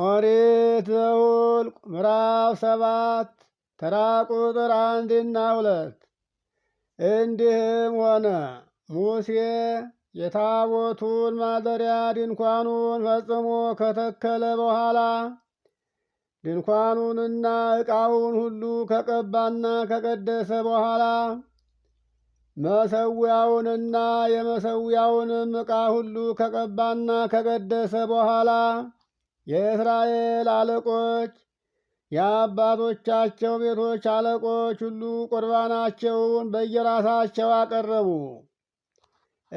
ኦሪት ዘኍልቍ ምዕራፍ ሰባት ተራ ቁጥር አንድና ሁለት እንዲህም ሆነ ሙሴ የታቦቱን ማደሪያ ድንኳኑን ፈጽሞ ከተከለ በኋላ ድንኳኑንና ዕቃውን ሁሉ ከቀባና ከቀደሰ በኋላ መሰዊያውንና የመሰዊያውንም ዕቃ ሁሉ ከቀባና ከቀደሰ በኋላ የእስራኤል አለቆች የአባቶቻቸው ቤቶች አለቆች ሁሉ ቁርባናቸውን በየራሳቸው አቀረቡ።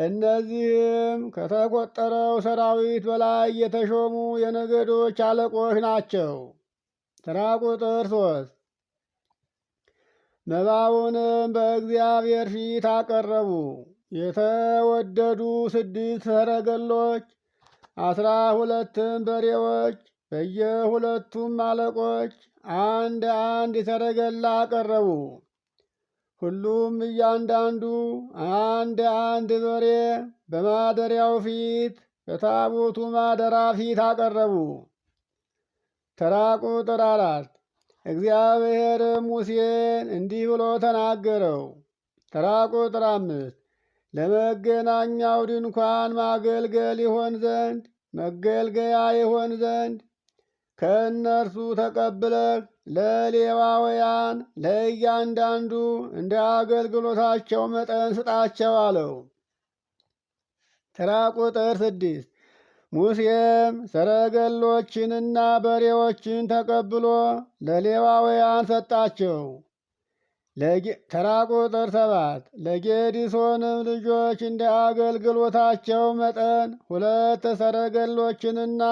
እነዚህም ከተቆጠረው ሰራዊት በላይ የተሾሙ የነገዶች አለቆች ናቸው። ተራ ቁጥር ሶስት መባቡንም በእግዚአብሔር ፊት አቀረቡ። የተወደዱ ስድስት ሰረገሎች አስራ ሁለትም በሬዎች በየሁለቱም አለቆች አንድ አንድ ሰረገላ አቀረቡ። ሁሉም እያንዳንዱ አንድ አንድ በሬ በማደሪያው ፊት በታቦቱ ማደራ ፊት አቀረቡ። ተራ ቁጥር አራት እግዚአብሔርም ሙሴን እንዲህ ብሎ ተናገረው። ተራ ቁጥር አምስት ለመገናኛው ድንኳን ማገልገል ይሆን ዘንድ መገልገያ ይሆን ዘንድ ከእነርሱ ተቀብለህ ለሌዋውያን ለእያንዳንዱ እንደ አገልግሎታቸው መጠን ስጣቸው አለው። ተራ ቁጥር ስድስት ሙሴም ሰረገሎችንና በሬዎችን ተቀብሎ ለሌዋውያን ሰጣቸው። ተራ ቁጥር ሰባት ለጌዲሶንም ልጆች እንደ አገልግሎታቸው መጠን ሁለት ሰረገሎችንና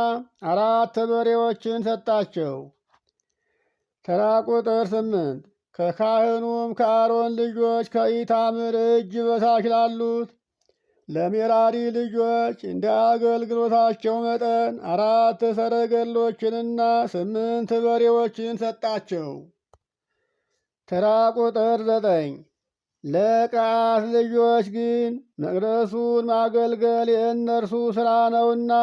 አራት በሬዎችን ሰጣቸው። ተራ ቁጥር ስምንት ከካህኑም ከአሮን ልጆች ከኢታምር እጅ በታች ላሉት ለሜራሪ ልጆች እንደ አገልግሎታቸው መጠን አራት ሰረገሎችንና ስምንት በሬዎችን ሰጣቸው። ተራ ቁጥር ዘጠኝ ለቀዓት ልጆች ግን መቅደሱን ማገልገል የእነርሱ ሥራ ነውና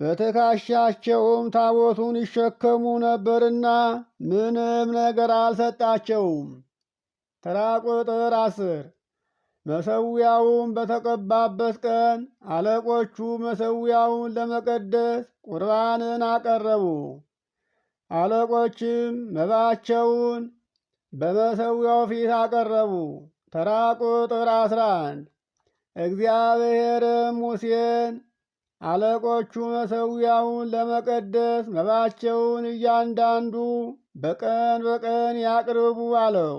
በትከሻቸውም ታቦቱን ይሸከሙ ነበርና ምንም ነገር አልሰጣቸውም። ተራ ቁጥር አስር መሰዊያውም በተቀባበት ቀን አለቆቹ መሰዊያውን ለመቀደስ ቁርባንን አቀረቡ። አለቆችም መባቸውን በመሰዊያው ፊት አቀረቡ። ተራ ቁጥር 11 አንድ እግዚአብሔርም ሙሴን አለቆቹ መሰዊያውን ለመቀደስ መባቸውን እያንዳንዱ በቀን በቀን ያቅርቡ አለው።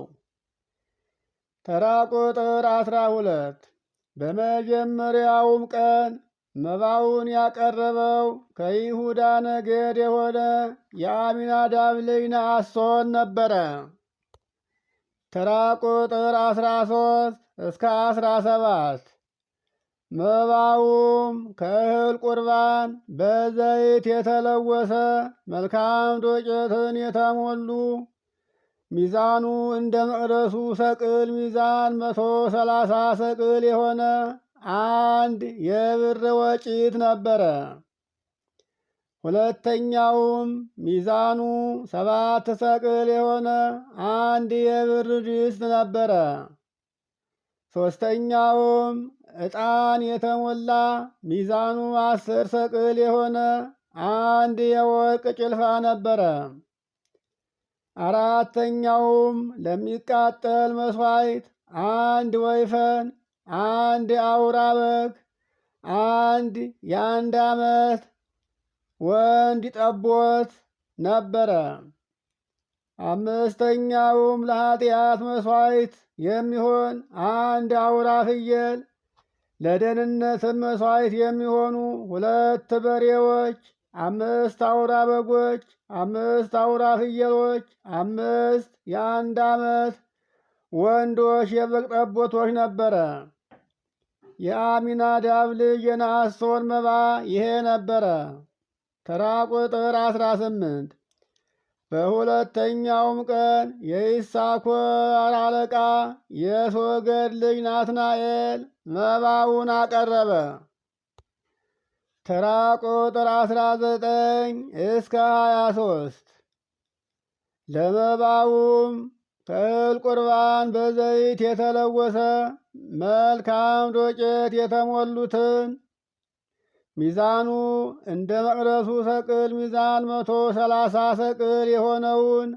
ተራ ቁጥር 12 በመጀመሪያውም ቀን መባውን ያቀረበው ከይሁዳ ነገድ የሆነ የአሚናዳብ ልጅ ነአሶን ነበረ። ተራ ቁጥር አስራ ሶስት እስከ አስራ ሰባት መባውም ከእህል ቁርባን በዘይት የተለወሰ መልካም ዶቄትን የተሞሉ ሚዛኑ እንደ መቅደሱ ሰቅል ሚዛን መቶ ሰላሳ ሰቅል የሆነ አንድ የብር ወጪት ነበረ። ሁለተኛውም ሚዛኑ ሰባት ሰቅል የሆነ አንድ የብር ድስት ነበረ። ሦስተኛውም ዕጣን የተሞላ ሚዛኑ አስር ሰቅል የሆነ አንድ የወርቅ ጭልፋ ነበረ። አራተኛውም ለሚቃጠል መሥዋዕት አንድ ወይፈን፣ አንድ አውራ በግ፣ አንድ የአንድ ዓመት ወንድ ጠቦት ነበረ። አምስተኛውም ለኃጢአት መስዋዕት የሚሆን አንድ አውራ ፍየል፣ ለደህንነትም መስዋዕት የሚሆኑ ሁለት በሬዎች፣ አምስት አውራ በጎች፣ አምስት አውራ ፍየሎች፣ አምስት የአንድ ዓመት ወንዶች የበግ ጠቦቶች ነበረ። የአሚናዳብ ልጅ የናሶን መባ ይሄ ነበረ። ተራ ቁጥር አስራ ስምንት በሁለተኛውም ቀን የይሳኮር አለቃ የሶገድ ልጅ ናትናኤል መባውን አቀረበ። ተራ ቁጥር አስራ ዘጠኝ እስከ ሀያ ሶስት ለመባውም ከእህል ቁርባን በዘይት የተለወሰ መልካም ዶቄት የተሞሉትን ሚዛኑ እንደ መቅደሱ ሰቅል ሚዛን መቶ ሰላሳ ሰቅል የሆነውን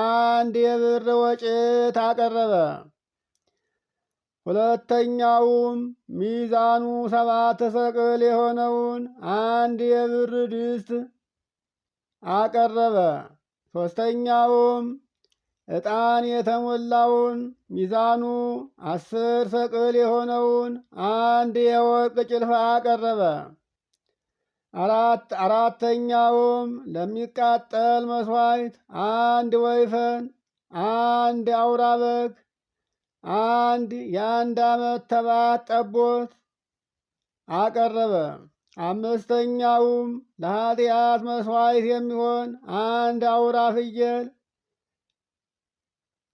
አንድ የብር ወጭት አቀረበ። ሁለተኛውም ሚዛኑ ሰባት ሰቅል የሆነውን አንድ የብር ድስት አቀረበ። ሦስተኛውም ዕጣን የተሞላውን ሚዛኑ አስር ሰቅል የሆነውን አንድ የወርቅ ጭልፋ አቀረበ። አራተኛውም ለሚቃጠል መስዋዕት አንድ ወይፈን፣ አንድ አውራ በግ፣ አንድ የአንድ ዓመት ተባት ጠቦት አቀረበ። አምስተኛውም ለኃጢአት መስዋዕት የሚሆን አንድ አውራ ፍየል፣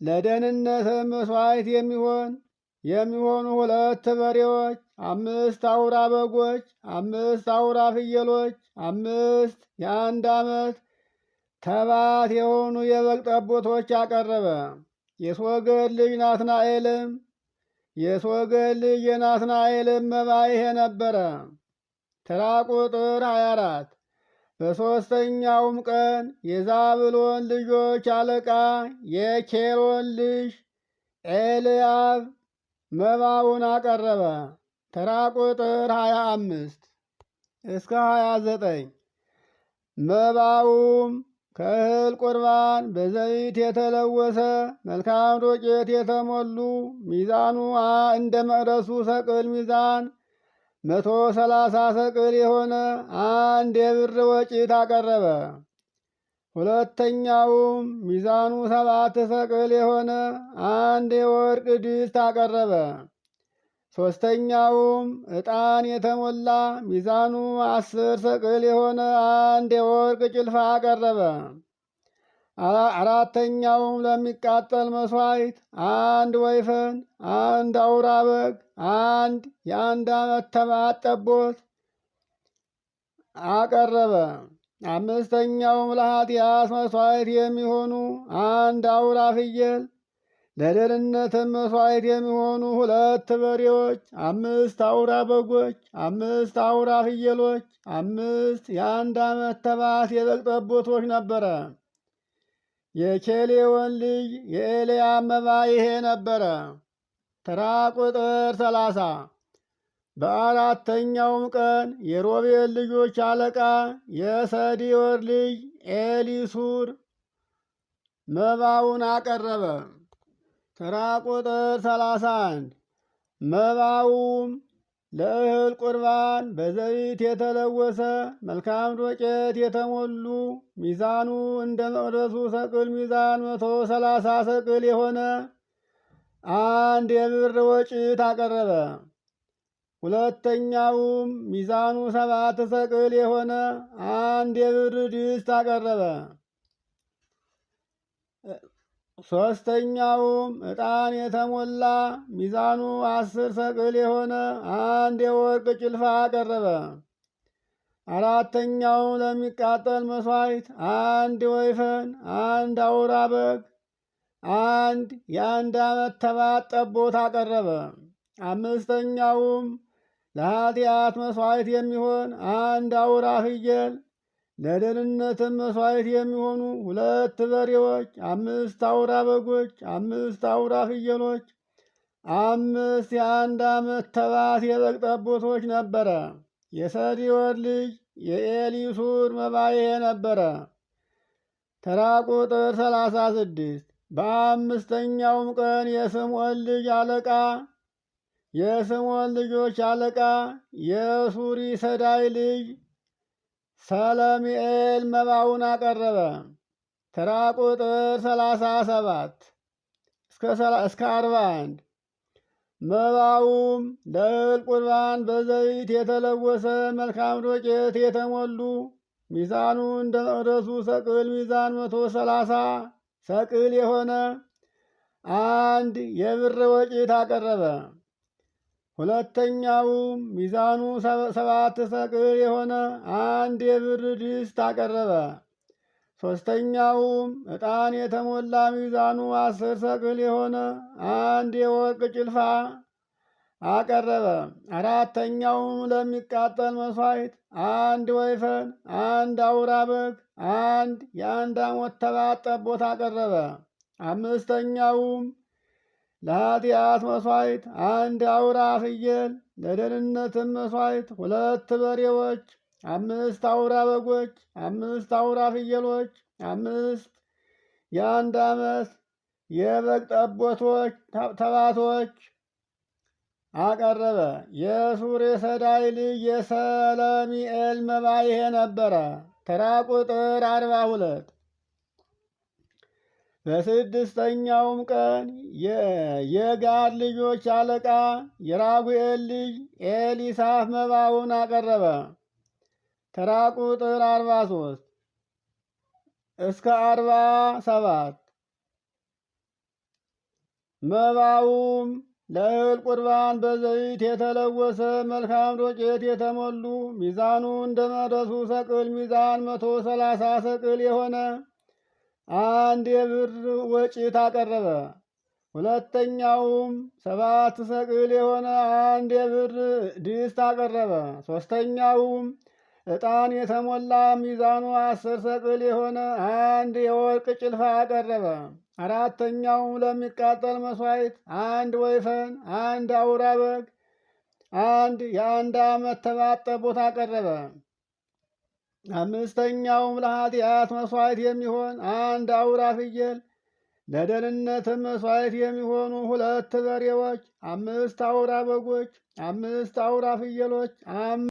ለደህንነትም መስዋዕት የሚሆን የሚሆኑ ሁለት በሬዎች፣ አምስት አውራ በጎች፣ አምስት አውራ ፍየሎች፣ አምስት የአንድ ዓመት ተባት የሆኑ የበግ ጠቦቶች አቀረበ። የሶገድ ልጅ ናትናኤልም የሶገድ ልጅ የናትናኤልም መባ ይሄ ነበረ። ተራ ቁጥር 24 በሦስተኛውም ቀን የዛብሎን ልጆች አለቃ የኬሮን ልጅ ኤልያብ መባውን አቀረበ። ተራ ቁጥር 25 እስከ 29 መባውም ከእህል ቁርባን በዘይት የተለወሰ መልካም ዶቄት የተሞሉ ሚዛኑ እንደ መቅደሱ ሰቅል ሚዛን መቶ ሰላሳ ሰቅል የሆነ አንድ የብር ወጪት አቀረበ። ሁለተኛውም ሚዛኑ ሰባት ሰቅል የሆነ አንድ የወርቅ ድስት አቀረበ። ሶስተኛውም ዕጣን የተሞላ ሚዛኑ አስር ሰቅል የሆነ አንድ የወርቅ ጭልፋ አቀረበ። አራተኛውም ለሚቃጠል መስዋይት አንድ ወይፈን፣ አንድ አውራ በግ፣ አንድ የአንድ ዓመት ተባት ጠቦት አቀረበ። አምስተኛውም ለኃጢአት መሥዋዕት የሚሆኑ አንድ አውራ ፍየል፣ ለደህንነትም መሥዋዕት የሚሆኑ ሁለት በሬዎች፣ አምስት አውራ በጎች፣ አምስት አውራ ፍየሎች፣ አምስት የአንድ ዓመት ተባት የበግ ጠቦቶች ነበረ። የኬሌዎን ልጅ የኤልያ መባ ይሄ ነበረ። ተራ ቁጥር ሰላሳ በአራተኛውም ቀን የሮቤል ልጆች አለቃ የሰዲወር ልጅ ኤሊሱር መባውን አቀረበ። ተራ ቁጥር 31 መባውም ለእህል ቁርባን በዘይት የተለወሰ መልካም ዶቄት የተሞሉ ሚዛኑ እንደ መቅደሱ ሰቅል ሚዛን መቶ ሰላሳ ሰቅል የሆነ አንድ የብር ወጭት አቀረበ። ሁለተኛውም ሚዛኑ ሰባት ሰቅል የሆነ አንድ የብር ድስት አቀረበ። ሶስተኛውም ዕጣን የተሞላ ሚዛኑ አስር ሰቅል የሆነ አንድ የወርቅ ጭልፋ አቀረበ። አራተኛውም ለሚቃጠል መስዋይት አንድ ወይፈን፣ አንድ አውራ በግ፣ አንድ የአንድ ዓመት ተባት ጠቦት አቀረበ። አምስተኛውም ለኃጢአት መሥዋዕት የሚሆን አንድ አውራ ፍየል፣ ለደህንነትም መሥዋዕት የሚሆኑ ሁለት በሬዎች፣ አምስት አውራ በጎች፣ አምስት አውራ ፍየሎች፣ አምስት የአንድ ዓመት ተባት የበግ ጠቦቶች ነበረ። የሰዲወር ልጅ የኤሊሱር መባዬ ነበረ። ተራ ቁጥር ሰላሳ ስድስት በአምስተኛውም ቀን የስምዖን ልጅ አለቃ የስምዖን ልጆች አለቃ የሱሪ ሰዳይ ልጅ ሰለሚኤል መባውን አቀረበ። ተራ ቁጥር ሰላሳ ሰባት እስከ አርባ አንድ መባውም ለእህል ቁርባን በዘይት የተለወሰ መልካም ዶቄት የተሞሉ ሚዛኑ እንደ መቅደሱ ሰቅል ሚዛን መቶ ሰላሳ ሰቅል የሆነ አንድ የብር ወጪት አቀረበ። ሁለተኛውም ሚዛኑ ሰባት ሰቅል የሆነ አንድ የብር ድስት አቀረበ። ሦስተኛውም ዕጣን የተሞላ ሚዛኑ አስር ሰቅል የሆነ አንድ የወርቅ ጭልፋ አቀረበ። አራተኛውም ለሚቃጠል መስዋይት አንድ ወይፈን፣ አንድ አውራ በግ፣ አንድ የአንድ አሞት ተባት ጠቦት አቀረበ። አምስተኛውም ለኃጢአት መሥዋዕት አንድ አውራ ፍየል፣ ለደህንነትም መሥዋዕት ሁለት በሬዎች፣ አምስት አውራ በጎች፣ አምስት አውራ ፍየሎች፣ አምስት የአንድ ዓመት የበግ ጠቦቶች ተባቶች አቀረበ። የሱር የሰዳይ ልጅ የሰለሚኤል መባ ይሄ ነበረ። ተራ ቁጥር አርባ ሁለት በስድስተኛውም ቀን የጋድ ልጆች አለቃ የራጉኤል ልጅ ኤሊሳፍ መባውን አቀረበ። ተራ ቁጥር አርባ ሶስት እስከ አርባ ሰባት መባውም ለእህል ቁርባን በዘይት የተለወሰ መልካም ዶቄት የተሞሉ ሚዛኑ እንደ ሰቅል ሚዛን መቶ ሰላሳ ሰቅል የሆነ አንድ የብር ወጭት አቀረበ። ሁለተኛውም ሰባት ሰቅል የሆነ አንድ የብር ድስት አቀረበ። ሶስተኛውም ዕጣን የተሞላ ሚዛኑ አስር ሰቅል የሆነ አንድ የወርቅ ጭልፋ አቀረበ። አራተኛውም ለሚቃጠል መስዋዕት አንድ ወይፈን፣ አንድ አውራ በግ፣ አንድ የአንድ ዓመት ተባት ጠቦት አቀረበ። አምስተኛውም ለኃጢአት መስዋዕት የሚሆን አንድ አውራ ፍየል፣ ለደህንነትም መስዋዕት የሚሆኑ ሁለት በሬዎች፣ አምስት አውራ በጎች፣ አምስት አውራ ፍየሎች